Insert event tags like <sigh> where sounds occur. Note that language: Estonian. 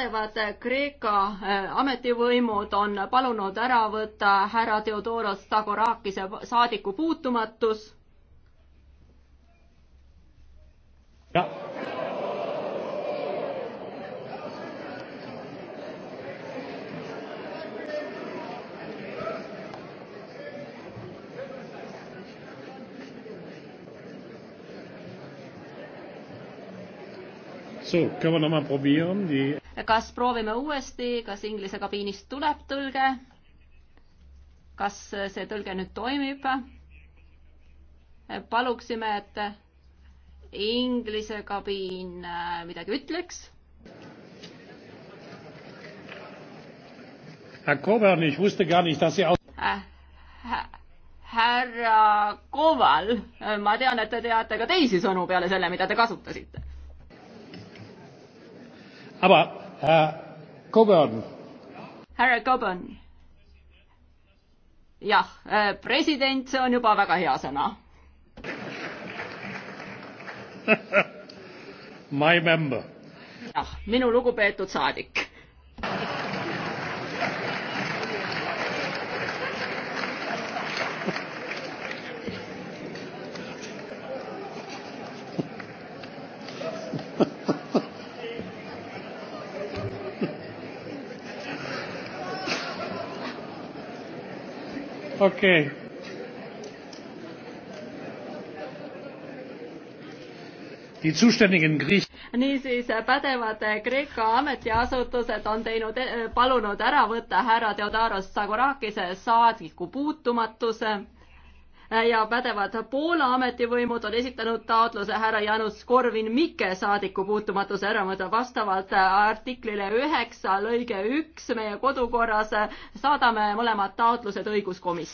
pädevad Kreeka äh, ametivõimud on palunud ära võtta härra Theodoros Tagorakise saadiku puutumatus. jah. So, können wir nochmal probieren. Die kas proovime uuesti, kas inglise kabiinist tuleb tõlge? kas see tõlge nüüd toimib? paluksime, et inglise kabiin äh, midagi ütleks. Äh, härra Koval, ma tean, et te teate ka teisi sõnu peale selle, mida te kasutasite. aber härra Coburn. härra Coburn. jah, äh, president, see on juba väga hea sõna <laughs> My member. jah, minu lugupeetud saadik <laughs> Okay. Die zuständigen Griechen. niisiis, pädevad Kreeka ametiasutused on teinud, eh, palunud ära võtta härra Theodoros Sagorakise saadiku puutumatuse eh, ja pädevad Poola ametivõimud on esitanud taotluse härra Janus Korvin-Mikke saadiku puutumatuse äravõtta vastavalt eh, artiklile üheksa lõige üks meie kodukorras saadame mõlemad taotlused õiguskomisjoni.